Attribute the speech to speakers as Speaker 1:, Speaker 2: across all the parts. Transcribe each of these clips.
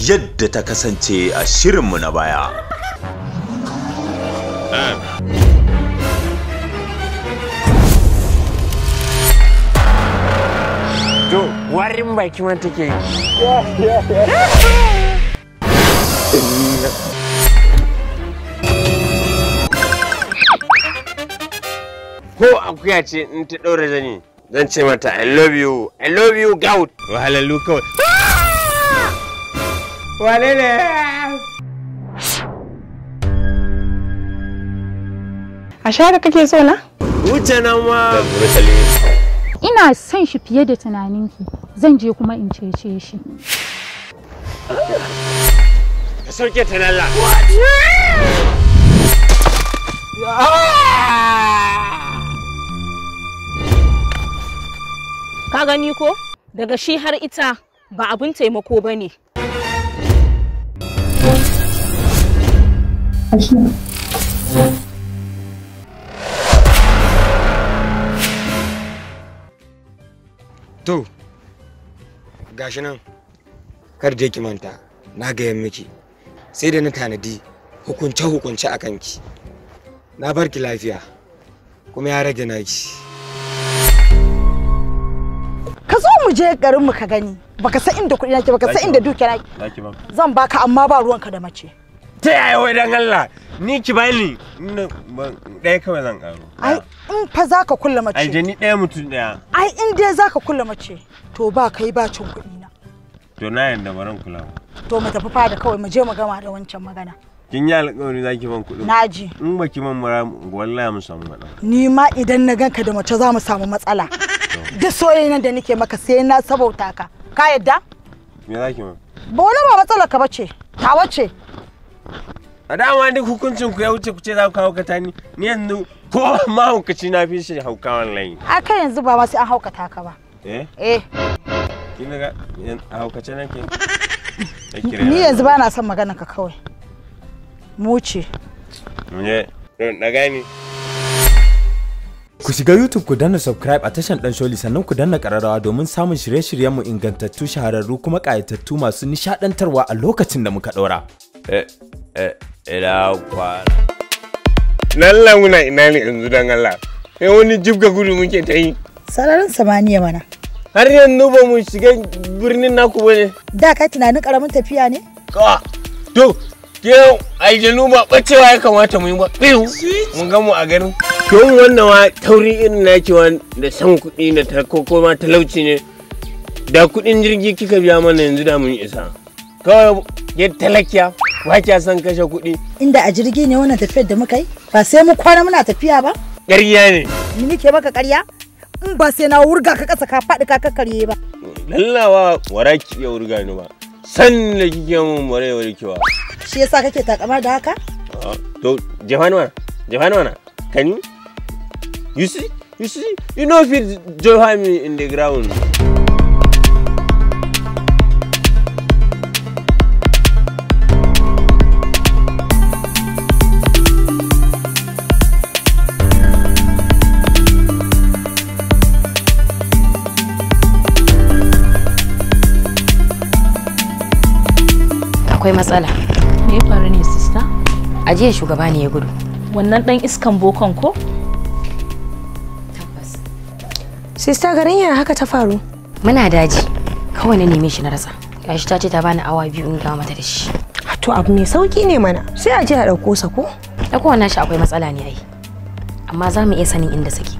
Speaker 1: yadda ta kasance a shirinmu na baya. To, warin baki man take Ko akuya ce in ta ɗora zani, zan ce mata I love you, I love you gout. Wahalallu kawai. wane
Speaker 2: a kake so na
Speaker 1: wuce nan ma
Speaker 3: ina son shi fiye da tunaninki zan je kuma in cece shi
Speaker 1: ka sauke ta nalla
Speaker 3: ka gani ko daga shi har ita ba abin taimako ba ne To,
Speaker 1: gashi nan, kar je ki manta, na gayan miki, sai da na tanadi hukunce-hukunce a kanki. Na bar ki lafiya, kuma ya rage naki.
Speaker 2: je garin mu ka gani baka san inda kuɗi nake baka san inda dukiya nake zan baka amma ba ruwanka da mace
Speaker 1: ta yaya wai dan Allah ni ki bani ɗaya kawai zan karo
Speaker 2: ai in fa zaka kulla mace ai
Speaker 1: ni ɗaya mutum ɗaya
Speaker 2: ai in dai zaka kulla mace to ba kai ba cin kuɗi na
Speaker 1: to na yanda baran kula
Speaker 2: to mu tafi fada kawai mu je mu gama da wancan magana
Speaker 1: kin yi alƙawari zaki ban kuɗi naji in baki man mura wallahi mu samu matsala
Speaker 2: ni ma idan na ganka da mace za mu samu matsala duk soyayya da nake maka sai na sabauta ka ka yadda me zaki ma ba wani ba matsalar ka bace ta wace
Speaker 1: a dama duk hukuncin ku ya wuce ku ce za ku kawo kata ni ni yanzu ko ma haukaci na fi shi hauka wallahi
Speaker 2: a kai yanzu ba ma sai an haukata ka ba eh eh
Speaker 1: kin ga haukace nake ni yanzu ba
Speaker 2: na son magana ka kawai mu ce
Speaker 1: ne na gani Ku shiga YouTube ku danna subscribe a tashan Dan Sholi sannan ku danna ƙararrawa domin samun shirye-shiryenmu ingantattu shahararru kuma ƙayatattu masu nishaɗantarwa a lokacin da muka ɗora. Eh, eh, ina kwana. muna ina ne yanzu don Allah. Me wani jibga gudu muke ta yi. Sararin
Speaker 2: samaniya mana.
Speaker 1: Har yanzu ba mu shiga birnin naku ba ne. Da kai tunanin ƙaramin tafiya ne? Ka. To, ke aljanu ba ɓacewa ya kamata mu yi ba. Mun gamu a garin. don wannan wa tauri irin naki da san kuɗi na ta ko kuma talauci ne da kuɗin jirgi kika biya mana yanzu da mun isa kawai ya talakiya wa kya san kashe kuɗi
Speaker 2: inda a jirgi ne wannan tafiyar da muka yi ba sai mu kwana muna tafiya ba ƙarya ne ni nike maka ƙarya in ba sai na wurga ka ƙasa ka faɗi ka karye ba
Speaker 1: lallawa wara ki iya wurga ni ba san da kike mun ware warkewa
Speaker 2: shi yasa kake takamar da haka
Speaker 1: ah, to jahanwana na kani You see? You see? You know if you me in the ground.
Speaker 4: akwai matsala.
Speaker 3: Me ya faru sista?
Speaker 4: A jiya shugaba ne ya gudu.
Speaker 3: Wannan ɗan iskan bokon ko? Sista
Speaker 4: garin ya haka ta faru? Muna daji. Kawai na neme shi na rasa. Gashi ta ce ta bani awa biyu in dawo mata da shi. To abu mai sauki ne mana. Sai a je a ɗauko sa ko? Ɗauko wannan shi akwai matsala ne ai. Amma za mu iya sanin inda suke.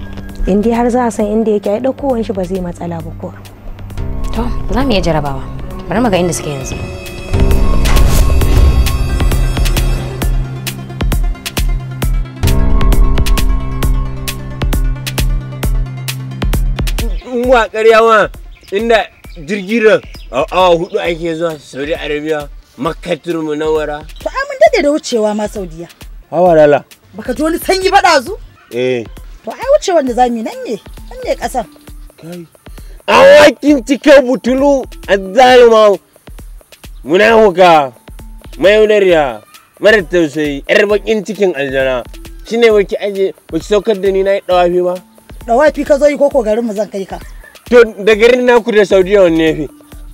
Speaker 4: In dai
Speaker 5: har za a san inda yake ai ɗauko shi ba zai matsala ba ko.
Speaker 4: To za mu iya jarabawa. Bari mu ga inda suke yanzu.
Speaker 1: in mu a ma inda jirgin awa hudu ake zuwa Saudi Arabia na wara.
Speaker 2: to ai mun dade da wucewa ma Saudiya hawa lala baka ji wani sanyi ba dazu eh to ai wucewar da zamu nan ne nan ne kasan
Speaker 1: kai awakin cike butulu azzalima munafuka mayaudariya mara tausayi yar bakin cikin aljana shine baki aje baki saukar da ni na yi dawafi ba dawafi ka zo yi koko garin mu zan kai ka to da garin naku da saudiya wanne fi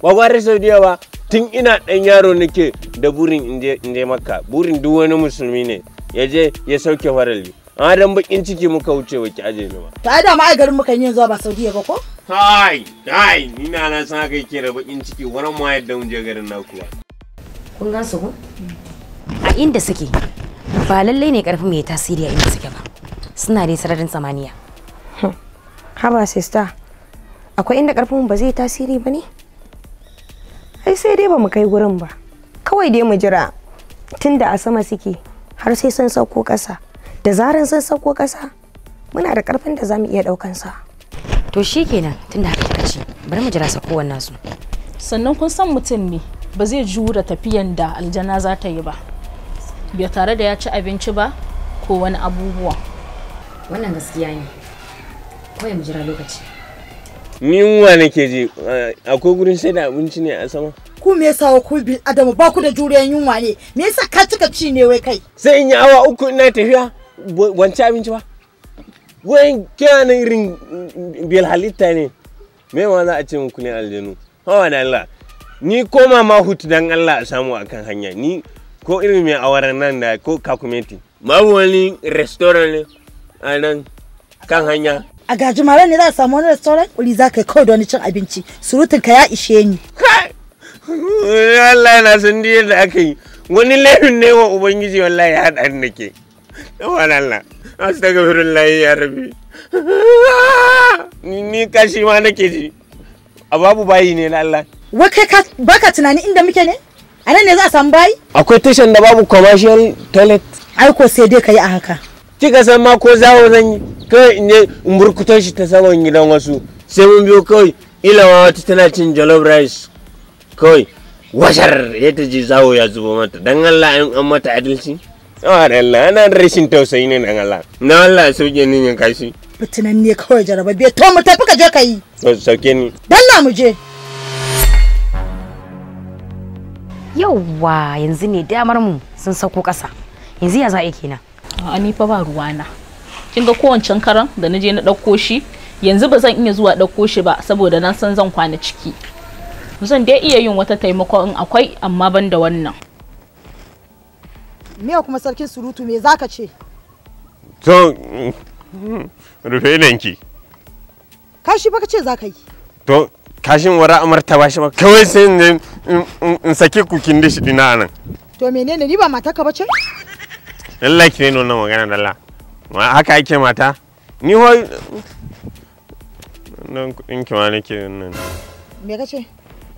Speaker 1: ba da saudiya ba tun ina dan yaro nake da burin inje makka burin duk wani musulmi ne ya je ya sauke farali amma dan bakin ciki muka wuce wa ki aje ni ba
Speaker 2: ta da ma garin muka yin zuwa ba saudiya ba ko
Speaker 1: hai hai ina na san kai ke da bakin ciki wani ma yadda mun je garin naku ba
Speaker 4: kun ga su ko a inda suke ba lallai ne karfin mai tasiri a inda suke ba suna dai sararin samaniya haba sista
Speaker 5: akwai inda karfin ba zai tasiri ba ne ai sai dai ba mu kai gurin ba kawai dai mu jira tunda a sama suke har sai sun sauko ƙasa da zaran sun sauko ƙasa muna da karfin da za mu iya to sa to shikenan
Speaker 4: tunda haka kika ce bari mu jira sakowar nasu
Speaker 3: sannan kun san mutum ne ba zai jura tafiyan da aljana za ta yi ba bai tare da ya ci abinci ba ko wani abubuwa
Speaker 4: wannan gaskiya ne kawai mu jira lokaci
Speaker 1: yunwa nake ji akwai gurin sai da abinci ne a sama
Speaker 2: ku me yasa ku bin
Speaker 1: adamu ba ku da juriyan yunwa ne me yasa ka cika ci ne wai kai sai in yi awa uku ina tafiya wance abinci ba wai kina nan irin mm, bel halitta ne me ma za a ce muku ne aljanu hawa da Allah ni koma ma hutu dan Allah a samu akan hanya ni ko irin mai awaran nan da ko kakumeti ma wani restaurant a nan kan hanya
Speaker 2: a gajimare ne za a samu wani restaurant kuri za ka yi kawai da wani cin abinci surutun ka ya ishe ni
Speaker 1: Allah na san da aka yi wani laifin ne wa ubangiji wallahi ya haɗa ni nake yawan Allah layi ya rabi ni kashi ma nake ji a babu bayi ne na Allah
Speaker 2: wakai ba baka tunani inda muke ne a nan ne za a samu bayi
Speaker 1: akwai tashan da babu commercial
Speaker 2: toilet aiko ko sai dai ka yi a haka
Speaker 1: kika san ma ko zawo zan yi kawai in je in burkuto shi ta saman gidan wasu sai mun biyo kawai ilawa wata tana cin jollof rice kawai
Speaker 5: washar
Speaker 1: ya ta je zawo ya zubo mata dan Allah an an mata adalci yawa ah, da Allah ana rashin tausayi ne dan Allah na Allah ke ni yanka kashi
Speaker 2: fitinan ne kawai jaraba bai to mu tafi ka je ka yi
Speaker 1: to sauke ni
Speaker 4: dan na mu je
Speaker 3: yauwa yanzu ne damar mu sun sako kasa yanzu ya za a kenan a ni fa ba ruwana kin ga kowancan karan da na je na ɗauko shi yanzu ba zan iya zuwa ɗauko shi ba saboda na san zan kwana ciki zan dai iya yin wata taimako in akwai amma ban da wannan
Speaker 2: me kuma sarkin surutu me zaka ce
Speaker 3: to rufe nanki
Speaker 2: kashi baka ce zaka yi
Speaker 1: to kashin wara amarta ba shi ba kawai sai in sake kukin dishi dina nan
Speaker 2: to menene ni ba mataka ba ce
Speaker 1: lallai ki ne wannan magana dalla ma haka ake mata ni ho nan kudin ki ma nake nan me kace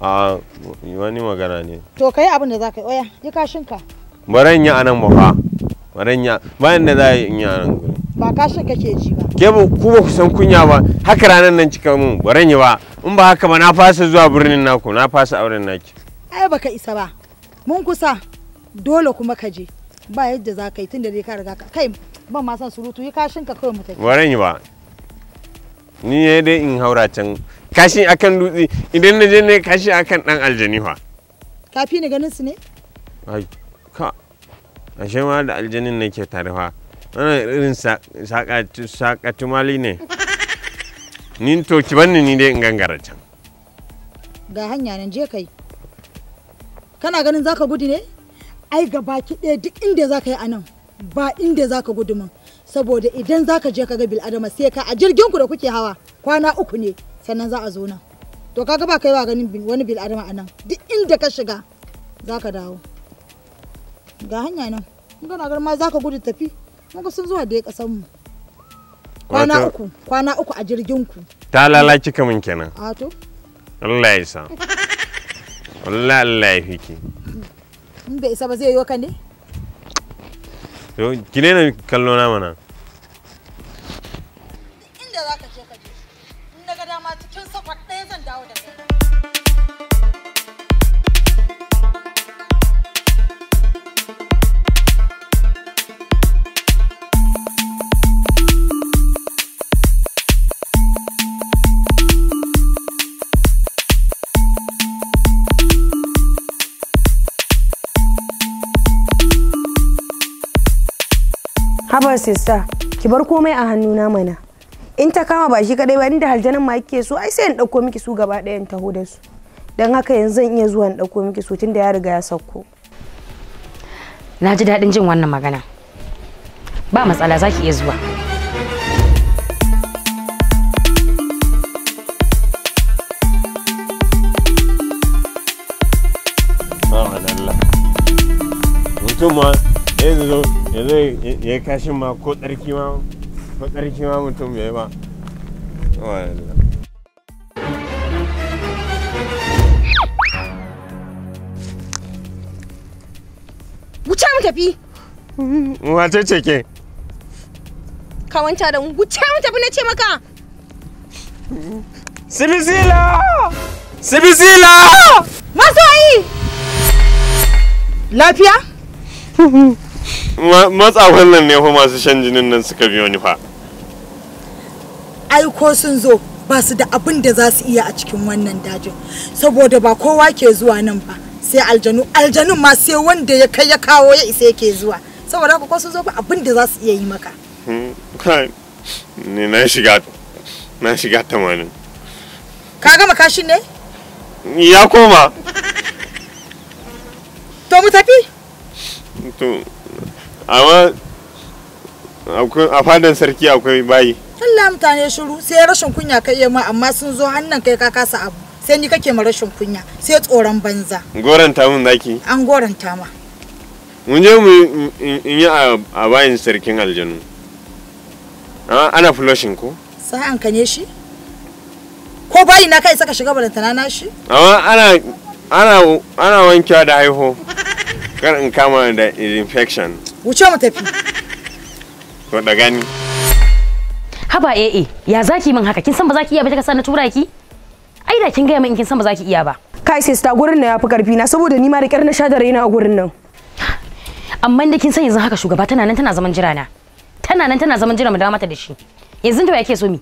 Speaker 1: a wani magana ne
Speaker 2: to kai abin da za ka yi oya ji kashin ka
Speaker 1: baran yi anan ba fa baran yi bayan da za yi in anan
Speaker 2: ba kashin kake ji ba
Speaker 1: ke ba ku ba ku san kunya ba haka ranan nan cika mun baran yi ba in ba haka ba na fasa zuwa birnin naku na fasa auren naki
Speaker 2: ai baka isa ba mun kusa dole kuma ka je ba yadda za ka yi tun da dai ka riga ka kai ban ma san surutu yi kashin ka kawai mutane
Speaker 1: waran yi ba ni ne dai in haura can kashi akan dutse idan na je ne kashi akan dan aljani fa
Speaker 2: fi ni ganin su ne
Speaker 1: ai ka ashe ma da aljanin nake tare fa ana irin sakatumali ne ni to ki banni ni dai in gangara can
Speaker 2: ga hanya nan je kai kana ganin zaka gudu ne ai gabaki ɗaya duk inda za ka yi anan ba inda za ka gudu min saboda idan za ka je ka ga bil'adama sai ka a jirgin ku da kuke hawa kwana uku ne sannan za a zo nan to kaga ba kai ba ganin wani bil'adama a nan duk inda ka shiga za ka dawo ga hanya nan in kana gar ma za ka gudu tafi mun ga sun zuwa da ya kasan mu kwana uku kwana uku a jirgin ku ta
Speaker 1: lalaci kamun kenan a to Allah ya sa Allah Allah ya fiki
Speaker 2: in bai isa ba zai yi wa ne
Speaker 1: yo ki ne na kallo na mana
Speaker 5: sista ki bar komai a hannuna mana in ta kama ba shi kadai ba inda haljanan ma kike so ai sai in dauko miki su gaba ɗaya in taho da su don haka yanzu zan iya zuwa in dauko miki su tunda ya riga ya
Speaker 4: sauko na ji daɗin jin wannan magana ba matsala za ki iya zuwa
Speaker 1: Come on. yanzu yanzu ya kashin ma ko tsarki ma ko tsarki ma mutum ya yi ba
Speaker 5: wuce mu tafi
Speaker 1: wace ce ke
Speaker 5: ka wanta da wuce mu tafi na ce maka
Speaker 3: sibisila sibisila masoyi lafiya
Speaker 1: matsa wannan ne fa masu shan jinin nan suka biyo ni fa
Speaker 2: ai ko sun zo ba su da abin da za su iya a cikin wannan dajin saboda ba kowa ke zuwa nan ba sai aljanu aljanun ma sai wanda ya kai ya kawo ya isa yake zuwa saboda ko sun zo ba abin da za su iya yi maka
Speaker 1: hmm, ne na shiga na shiga tamanin
Speaker 2: ka gama kashin ne
Speaker 1: ya koma to mu tafi to amma a fadan sarki akwai bayi
Speaker 2: Allah mutane shiru sai rashin kunya ka iya ma amma sun zo hannun kai ka kasa abu sai ni kake ma rashin kunya sai tsoron banza
Speaker 1: goranta mun zaki
Speaker 2: an goranta ma
Speaker 1: mun je mu in yi a bayin sarkin aljanu ana flushing ko
Speaker 2: sai an ne shi ko bayi na kai saka shiga balantana na shi
Speaker 1: amma ana ana ana wankewa da haiho kar in kama da infection wuce mu tafi Ko da gani
Speaker 4: haba eh eh ya zaki min haka kin san ba zaki iya ba kasa na tura ki ai da kin ga min kin san ba zaki iya ba kai sai sta gurin nan yafi karfi na saboda ni ma da kyar na sha da raina a gurin nan amma inda kin san yanzu haka shugaba tana nan tana zaman jira na tana nan tana zaman jira mu dawo mata da shi yanzu da yake so mi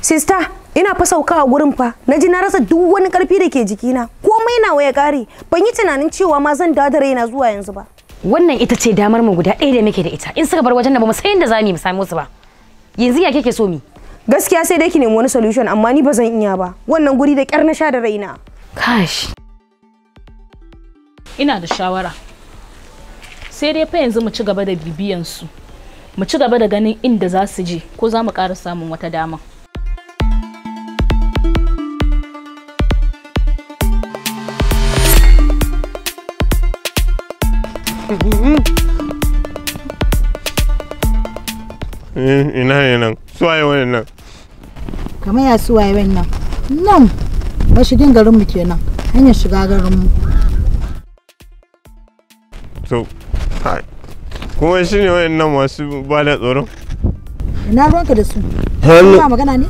Speaker 4: sista ina fa sauka gurin
Speaker 5: fa na ji na rasa duk wani karfi da ke jikina komai na ya kare ban yi tunanin cewa ma zan dawo da raina zuwa yanzu ba
Speaker 4: wannan ita ce damar mu guda ɗaya da muke da ita in suka bar wajen da ba mu san yadda zamu mu samu su ba yanzu ya kike so mi gaskiya sai dai ki nemi wani solution amma ni ba zan iya
Speaker 5: ba wannan guri da kyar na sha da raina kash
Speaker 3: ina da shawara sai dai fa yanzu mu ci gaba da bibiyan su mu ci gaba da ganin inda za su je ko za mu ƙara samun wata dama
Speaker 1: Eh, ina ne nan suwaye wannan nan
Speaker 2: kamar ya suwaye wannan nan mashigin garinmu kenan hanyar shiga garinmu
Speaker 1: so kuma shi ne wayannan masu ba da tsoron ina ruwanka da su hello magana ne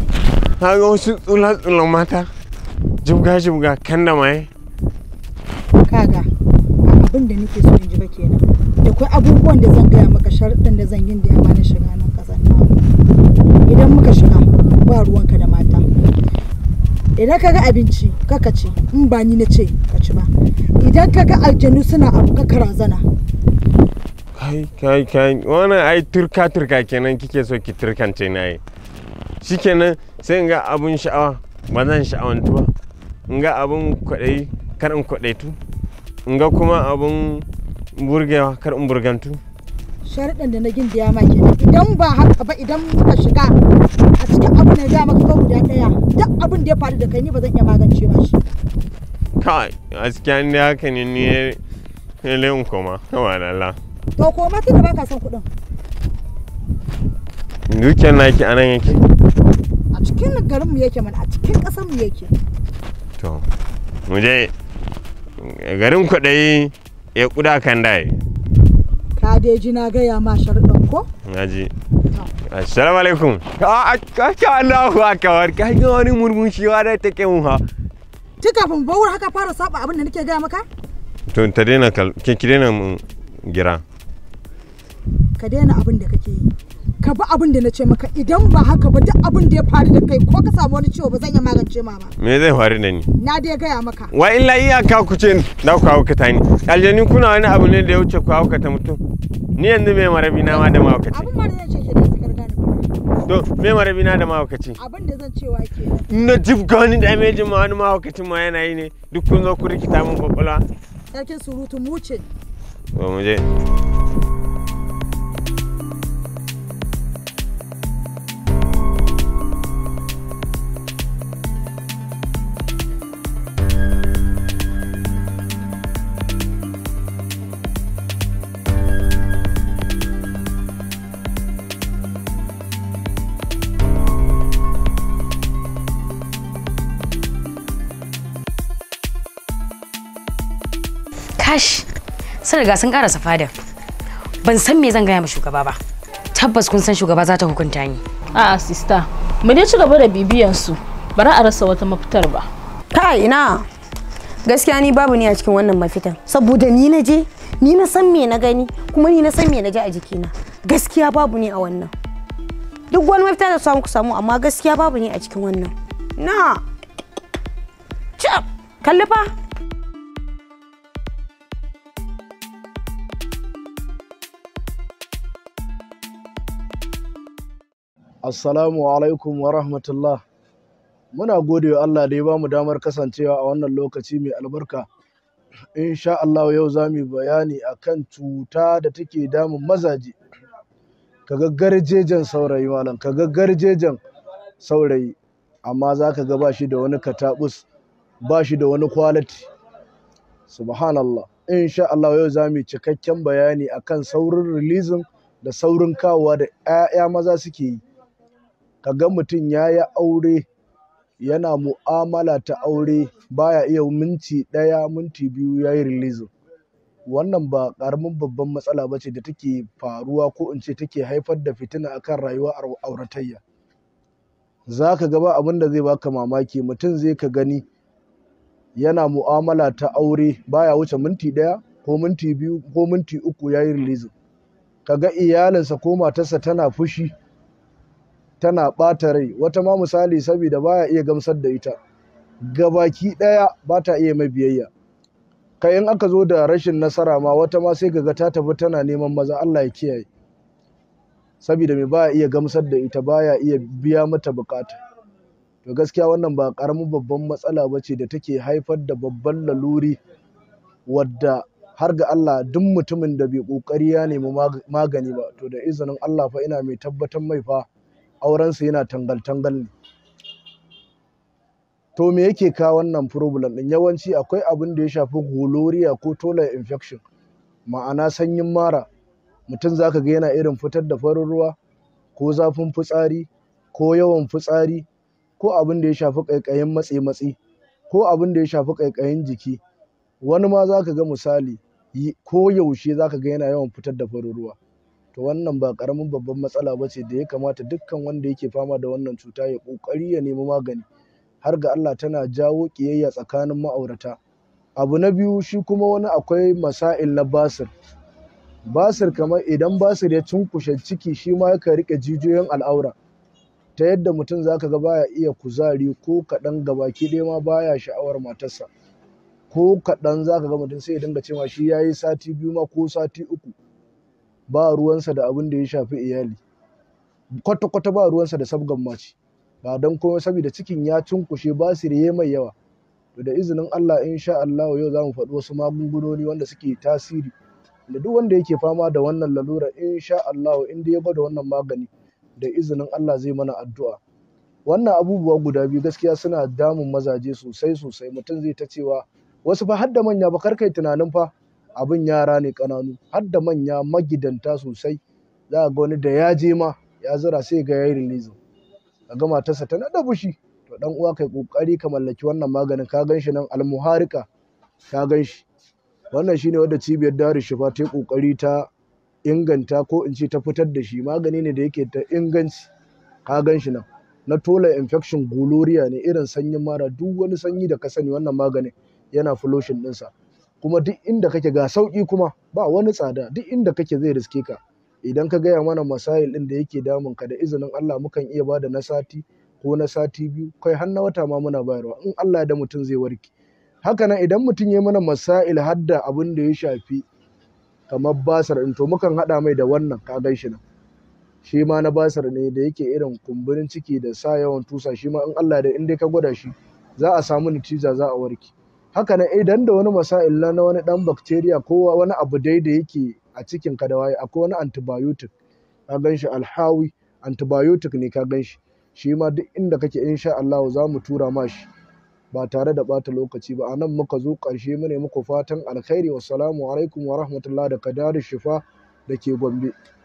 Speaker 1: ka ga wasu tsula-tsulan mata jibga-jibga kan da maye
Speaker 2: kaga abin da nake so in ji ba kenan da kwai abubuwan da zan gaya maka sharuɗin da zan yi da ya na shiga nan ƙasar na idan muka shiga ba ruwanka da mata idan ka ga abinci kaka ci in ba ni na ce ka ci ba idan ka ga aljanu suna abu ka zana
Speaker 1: kai kai kai wannan ai turka turka kenan kike so ki turkance na yi shikenan sai in ga abun sha'awa ba zan sha'awantu ba in ga abun kwaɗayi karin kwaɗaitu in ga kuma abun burgewa kar in burgantu
Speaker 2: sharaɗin da na da ya maki idan ba haka ba idan muka shiga a cikin abu ne da maka da daya duk abin da ya faru da kai ni ba zan iya magance ba shi
Speaker 1: kai gaskiya ne haka ne ni ne leon koma kama Allah
Speaker 2: to koma da baka son kuɗin
Speaker 1: dukiyar naki a nan yake
Speaker 2: a cikin garin mu yake mana a cikin ƙasar mu yake
Speaker 1: to mu je garin kwaɗayi ya kuda kan dai
Speaker 2: ka dai ji na gaya ma sharuɗan ko
Speaker 1: na ji assalamu alaikum a ka Allahu akbar ka ga wani murmun shi wa da take mun ha
Speaker 2: tun kafin bawur haka fara saba abin da nake gaya maka
Speaker 1: to ta daina kal ki daina mun gira
Speaker 2: ka daina abin da kake yi ka bi abin da na ce maka idan ba haka ba duk abin da ya faru da kai ko ka samu wani ciwo ba zan iya magance ma ba
Speaker 1: me zai faru da ni
Speaker 2: na dai gaya maka
Speaker 1: wa illa ka ku ce na ku ta ni aljani kuna wani abu ne da ya wuce ku ta mutum ni yanzu me marabi na ma da ma ce abin ma da zan ce ke da suka gane to me marabi na da ma ce abin da zan cewa ke na jib gani da jin ma wani ma haukacin ma yana yi ne duk kun zo ku rikita min kwakwalwa
Speaker 2: sarkin surutu mucin
Speaker 1: to mu je
Speaker 4: kash sun riga sun karasa fadar ban san me zan gaya ma shugaba ba tabbas kun san
Speaker 3: shugaba za ta hukunta ni a'a sister mu dai ci gaba da bibiyan su bara a rasa wata mafitar ba kai ina gaskiya ni babu ni a cikin wannan mafitan saboda ni
Speaker 5: na je ni na san me na gani kuma ni na san me na ji a jikina gaskiya babu ni a wannan duk wani mafita da samu ku samu amma gaskiya babu ni a cikin wannan na chap kallifa.
Speaker 6: Assalamu alaikum wa rahmatullah. Muna gode wa Allah da ya bamu damar kasancewa a wannan lokaci mai albarka. Insha Allah yau za mu bayani akan cuta da take damun mazaje. Kaga garjejen saurayi malam, ka ga garjejen saurayi. Amma za ka ga ba shi da wani katabus, ba shi da wani kwaliti. Subhanallah. Insha Allah yau za mu cikakken bayani akan saurin releasing da saurin kawowa da 'ya'ya maza suke yi. Ka ga mutum ya yi aure yana mu'amala ta aure baya iya minti ɗaya minti biyu ya yi releasing wannan ba ƙaramin babban matsala ba ce da take faruwa ko in ce take haifar da fitina akan rayuwa a auratayya za ka gaba abin da zai baka mamaki mutum zai ka gani yana mu'amala ta aure baya wuce minti ɗaya ko minti biyu ko minti uku ya yi Ka ga iyalinsa ko matarsa tana fushi tana ɓata rai wata ma misali saboda baya iya gamsar da ita gabaki ɗaya ba ta iya mai biyayya kai in aka zo da rashin nasara ma wata ma sai kaga ta tafi tana neman maza Allah ya kiyaye saboda mai baya iya gamsar da ita baya iya biya mata bukata to gaskiya wannan ba karamin babban matsala ba ce da take haifar da babban laluri wadda har ga Allah duk mutumin da bai kokari ya nemi magani ba to da izinin Allah fa ina mai tabbatar mai fa aurensu yana tangal-tangal ne to me yake kawo wannan problem din yawanci akwai abin da ya shafi holoria ko tola infection ma'ana sanyin mara mutum zaka ga yana irin fitar da farin ruwa ko zafin fitsari ko yawan fitsari ko abin da ya shafi ƙaiƙayin matse-matse ko abin da ya shafi ƙaiƙayin jiki wani ma zaka ga misali ko yaushe zaka ga yana yawan fitar da farin ruwa to wannan ba ƙaramin babban matsala ba ce da ya kamata dukkan wanda yake fama da wannan cuta ya ƙoƙari ya nemi magani har ga Allah tana jawo ƙiyayya tsakanin ma'aurata abu na biyu shi kuma wani akwai masa'il na basir basir kamar idan basir ya cunkushe ciki shi ma yakan riƙe jijiyoyin al'aura ta yadda mutum zaka ga baya iya kuzari ko kaɗan gabaki ɗaya ma baya sha'awar matarsa ko kaɗan zaka ga mutum sai ya dinga cewa shi ya yi sati biyu ma ko sati uku ba ruwansa da abin da ya shafi iyali kwata-kwata ba ruwansa da sabgan mace ba don komai saboda cikin ya cunkushe ba su riye mai yawa to da izinin Allah insha Allah yau za mu faɗi wasu magungunoni wanda suke tasiri da duk wanda yake fama da wannan lalura insha Allah in dai ya gwada wannan magani da izinin Allah zai mana addu'a wannan abubuwa guda biyu gaskiya suna damun mazaje sosai sosai mutum zai ta cewa wasu fa har da manya ba karkai tunanin fa abin yara ne ƙananu har da manya magidanta sosai za a ga wani da ya je ma ya zira sai ga yayi release ka ga matarsa ta nada bushi to dan uwa kai kokari ka mallaki wannan maganin ka ganshi nan almuharika ka ganshi wannan shine wanda cibiyar daru shifa ta kokari ta inganta ko in ce ta fitar da shi magani ne da yake ta inganci ka ganshi nan na tola infection goloria ne irin sanyin mara duk wani sanyi da ka sani wannan maganin yana floshin ɗinsa. kuma duk inda kake ga sauki kuma ba wani tsada duk inda kake zai riske ka idan ka gaya mana masail ɗin da yake damun ka da izinin Allah mukan iya bada na sati ko na sati biyu kai har na wata ma muna bayarwa in Allah da mutum zai warke haka nan idan mutum ya mana masail har da abin da ya shafi kamar basar ɗin to mukan haɗa mai da wannan ka gan shi nan shi ma na basar ne da yake irin kumburin ciki da sa yawan tusa shi ma in Allah da in dai ka gwada shi za a samu nitija za a warke haka nan idan eh, da wani masa'il na wani dan bacteria ko wani abu dai da yake a cikin ka da waye akwai wani antibiotic ka ganshi alhawi antibiotic ne ka ganshi shi ma duk inda kake insha Allah za mu tura ma shi ba tare da bata lokaci ba anan muka zo karshe mu ne muku fatan alkhairi wassalamu alaikum wa rahmatullahi da kadarin shifa da ke gombe